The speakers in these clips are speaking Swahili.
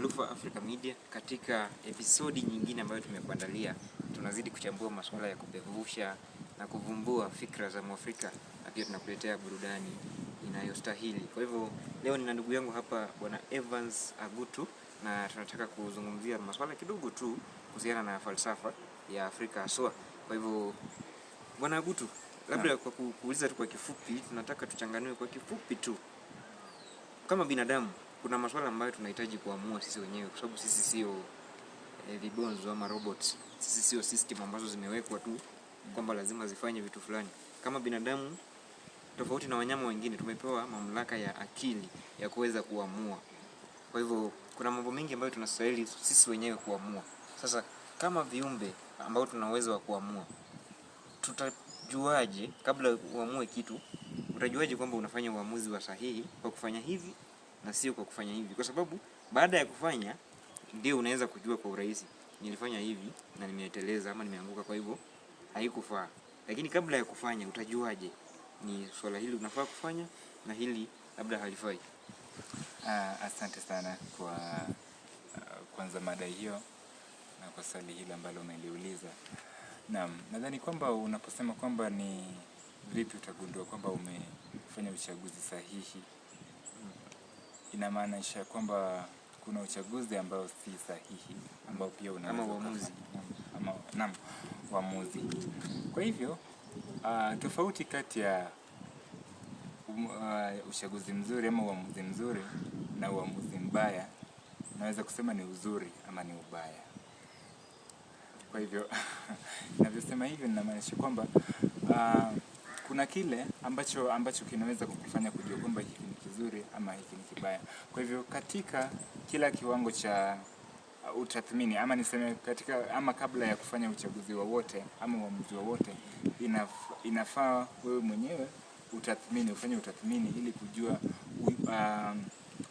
Lufa Africa Media. Katika episodi nyingine ambayo tumekuandalia, tunazidi kuchambua masuala ya kupevusha na kuvumbua fikra za Mwafrika na pia tunakuletea burudani inayostahili. Kwa hivyo leo nina ndugu yangu hapa Bwana Evans Agutu na tunataka kuzungumzia masuala kidogo tu kuhusiana na falsafa ya Afrika haswa. Kwa hivyo Bwana Agutu, labda kwa kuuliza tu kwa kifupi, tunataka tuchanganue kwa kifupi tu kama binadamu kuna maswala ambayo tunahitaji kuamua sisi wenyewe, kwa sababu sisi sio eh, vibonzo ama robots. Sisi sio system ambazo zimewekwa tu kwamba lazima zifanye vitu fulani. Kama binadamu, tofauti na wanyama wengine, tumepewa mamlaka ya akili ya kuweza kuamua. Kwa hivyo kuna mambo mengi ambayo tunastahili sisi wenyewe kuamua. Sasa kama viumbe ambao tuna uwezo wa kuamua, tutajuaje kabla uamue kitu? Utajuaje kwamba unafanya uamuzi wa sahihi kwa kufanya hivi na sio kwa kufanya hivi, kwa sababu baada ya kufanya ndio unaweza kujua kwa urahisi, nilifanya hivi na nimeteleza ama nimeanguka, kwa hivyo haikufaa. Lakini kabla ya kufanya utajuaje ni swala hili unafaa kufanya na hili labda halifai? Ah, asante sana kwa ah, kwanza mada hiyo na kwa swali hili ambalo umeliuliza. Naam, nadhani kwamba unaposema kwamba ni vipi utagundua kwamba umefanya uchaguzi sahihi ina ya kwamba kuna uchaguzi ambao si sahihi ambao pia unanam ama naam uamuzi. Kwa hivyo uh, tofauti kati ya um, uh, uchaguzi mzuri ama uamuzi mzuri na uamuzi mbaya naweza kusema ni uzuri ama ni ubaya. Kwa hivyo navyosema hivyo ninamaanisha kwamba uh, kuna kile ambacho ambacho kinaweza kukufanya kujua kwamba hiki ni kizuri ama hiki ni kibaya. Kwa hivyo katika kila kiwango cha uh, utathmini ama niseme katika ama kabla ya kufanya uchaguzi wowote ama uamuzi wowote, inafaa wewe mwenyewe utathmini, ufanye utathmini ili kujua um,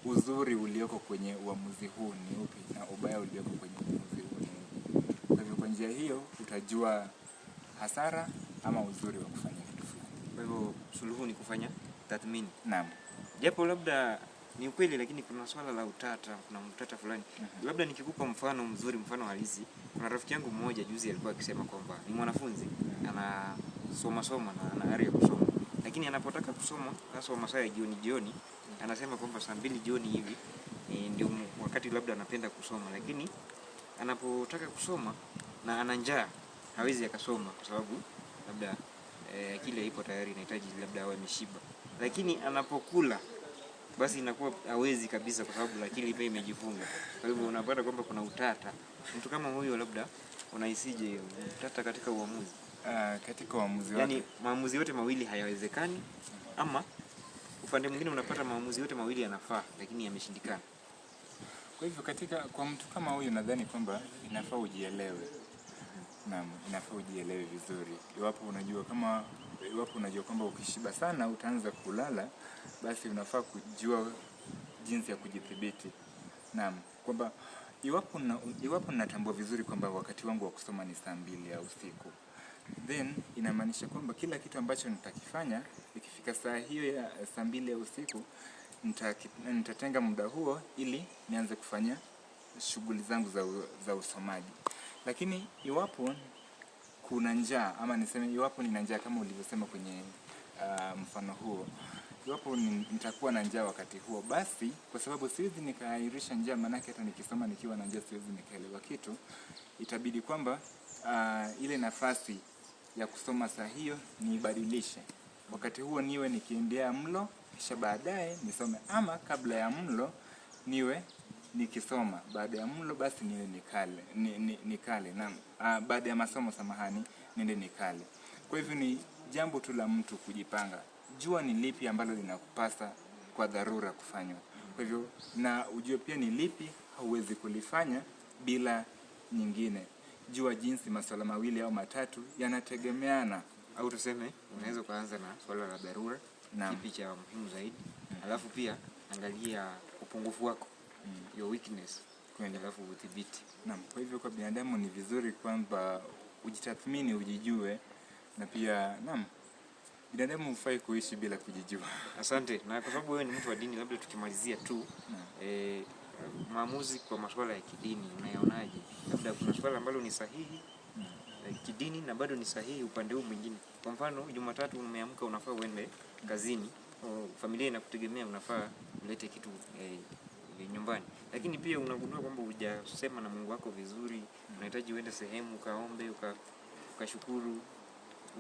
uzuri ulioko kwenye uamuzi huu ni upi na ubaya ulioko kwenye uamuzi huu ni upi. Kwa hivyo kwa njia hiyo utajua hasara ama uzuri wa kufanya suluhu ni kufanya tathmini. Naam. Japo labda ni ukweli, lakini kuna swala la utata, kuna utata fulani. Uhum. Labda nikikupa mfano mzuri, mfano halisi, kuna rafiki yangu mmoja juzi alikuwa akisema kwamba ni mwanafunzi anasoma soma na ana ari ya kusoma, lakini anapotaka kusoma hasa masaa ya jioni jioni, anasema kwamba saa mbili jioni hivi e, ndio wakati labda anapenda kusoma, lakini anapotaka kusoma na ana njaa hawezi akasoma kwa sababu labda eh, akili haipo tayari, inahitaji labda awe ameshiba, lakini anapokula basi inakuwa hawezi kabisa, kwa sababu akili pia imejifunga. Kwa hivyo unapata kwamba kuna utata. Mtu kama huyo labda unahisije utata katika uamuzi? Uh, katika uamuzi yani maamuzi yote mawili hayawezekani, ama upande mwingine unapata maamuzi yote mawili yanafaa, lakini yameshindikana. Kwa hivyo katika kwa mtu kama huyu, nadhani kwamba inafaa ujielewe na inafaa ujielewe vizuri. Iwapo unajua kama iwapo unajua kwamba ukishiba sana utaanza kulala, basi unafaa kujua jinsi ya kujidhibiti. Naam, kwamba iwapo na, iwapo natambua vizuri kwamba wakati wangu wa kusoma ni saa mbili ya usiku then inamaanisha kwamba kila kitu ambacho nitakifanya ikifika saa hiyo ya saa mbili ya usiku nitatenga muda huo ili nianze kufanya shughuli zangu za, za usomaji. Lakini iwapo kuna njaa ama niseme iwapo nina njaa kama ulivyosema kwenye uh, mfano huo, iwapo nitakuwa na njaa wakati huo, basi kwa sababu siwezi nikaahirisha njaa, maanake hata nikisoma nikiwa na njaa siwezi nikaelewa kitu, itabidi kwamba uh, ile nafasi ya kusoma saa hiyo niibadilishe, wakati huo niwe nikiendea mlo, kisha baadaye nisome, ama kabla ya mlo niwe nikisoma baada ya mlo basi niende nikale, ni, ni, nikale na uh, ah, baada ya masomo samahani, niende nikale. Kwa hivyo ni jambo tu la mtu kujipanga, jua ni lipi ambalo linakupasa kwa dharura kufanywa. Kwa hivyo na ujue pia ni lipi hauwezi kulifanya bila nyingine. Jua jinsi masuala mawili au matatu yanategemeana, au tuseme unaweza ukaanza na swala la dharura, na cha muhimu zaidi, mm. alafu pia angalia upungufu wako your weakness kuendelea kudhibiti. Naam, kwa hivyo kwa binadamu ni vizuri kwamba ujitathmini, ujijue na pia naam, binadamu hufai kuishi bila kujijua. Asante. Na kwa sababu wewe ni mtu wa dini, labda tukimalizia tu eh, maamuzi kwa masuala ya kidini unayonaje Labda kuna swala ambalo ni sahihi na e, kidini na bado ni sahihi upande huu mwingine. Kwa mfano, Jumatatu umeamka unafaa uende kazini, familia inakutegemea, unafaa ulete kitu e, nyumbani, lakini pia unagundua kwamba hujasema na Mungu wako vizuri, unahitaji uende sehemu ukaombe, ukashukuru, uka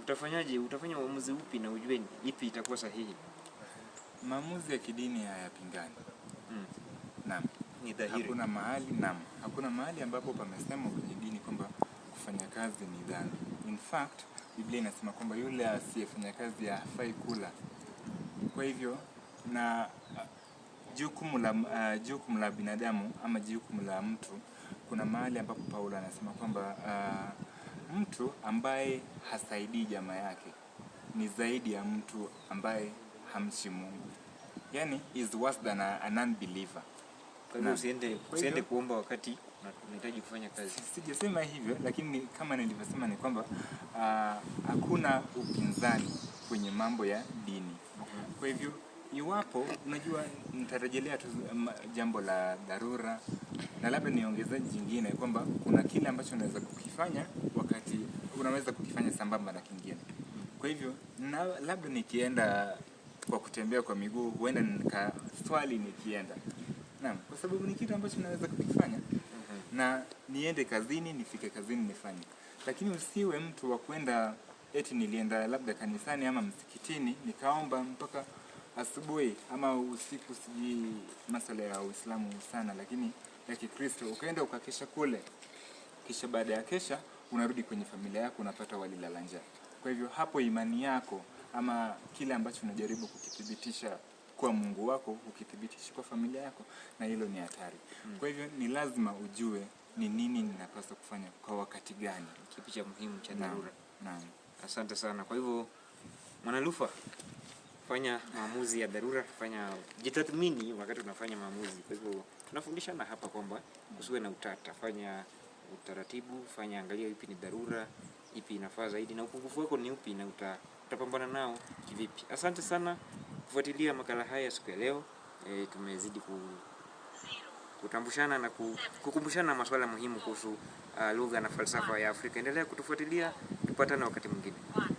utafanyaje? Utafanya uamuzi upi na ujue ipi itakuwa sahihi? Maamuzi ya kidini hayapingani. Mm. Naam. Ni dhahiri. Hakuna mahali naam, hakuna mahali ambapo pamesema kwenye dini kwamba kufanya kazi ni dhambi. In fact, Biblia inasema kwamba yule asiyefanya kazi hafai kula. Kwa hivyo na jukumu la, uh, jukumu la binadamu ama jukumu la mtu, kuna mahali ambapo Paulo anasema kwamba uh, mtu ambaye hasaidii jamaa yake ni zaidi ya mtu ambaye hamchi Mungu, yani is worse than a, non-believer. Kwa hivyo usiende, usiende kuomba wakati unahitaji kufanya kazi. Sijasema hivyo, lakini kama nilivyosema ni kwamba uh, hakuna upinzani kwenye mambo ya dini. Mhm. Kwa hivyo iwapo unajua, nitarejelea tu um, jambo la dharura, na labda niongeze jingine kwamba kuna kile ambacho unaweza kukifanya wakati unaweza kukifanya sambamba na kingine. Kwa hivyo na, labda nikienda kwa kutembea kwa miguu, huenda nikaswali nikienda, naam, kwa sababu ni kitu ambacho naweza kukifanya mm-hmm. na niende kazini, nifike kazini nifanye, lakini usiwe mtu wa kwenda eti nilienda labda kanisani ama msikitini nikaomba mpaka asubuhi ama usiku, sijui masuala ya Uislamu sana, lakini ya Kikristo ukaenda ukakesha kule, kisha baada ya kesha unarudi kwenye familia yako, unapata walilala njaa. Kwa hivyo hapo imani yako ama kile ambacho unajaribu kukithibitisha kwa Mungu wako ukithibitisha kwa familia yako, na hilo ni hatari hmm. Kwa hivyo ni lazima ujue ni nini ninapaswa kufanya kwa wakati gani, kipi cha muhimu cha dharura. Naam, asante sana. Kwa hivyo Mwanalufa kufanya maamuzi ya dharura, kufanya jitathmini wakati tunafanya maamuzi. Kwa hivyo tunafundishana hapa kwamba usiwe na utata, fanya utaratibu, fanya angalia ipi ni dharura, ipi inafaa zaidi, na upungufu wako ni upi, na uta, utapambana nao kivipi. Asante sana kufuatilia makala haya siku ya leo. E, tumezidi ku kutambushana na kukumbushana masuala muhimu kuhusu uh, lugha na falsafa ya Afrika. Endelea kutufuatilia, tupatane wakati mwingine.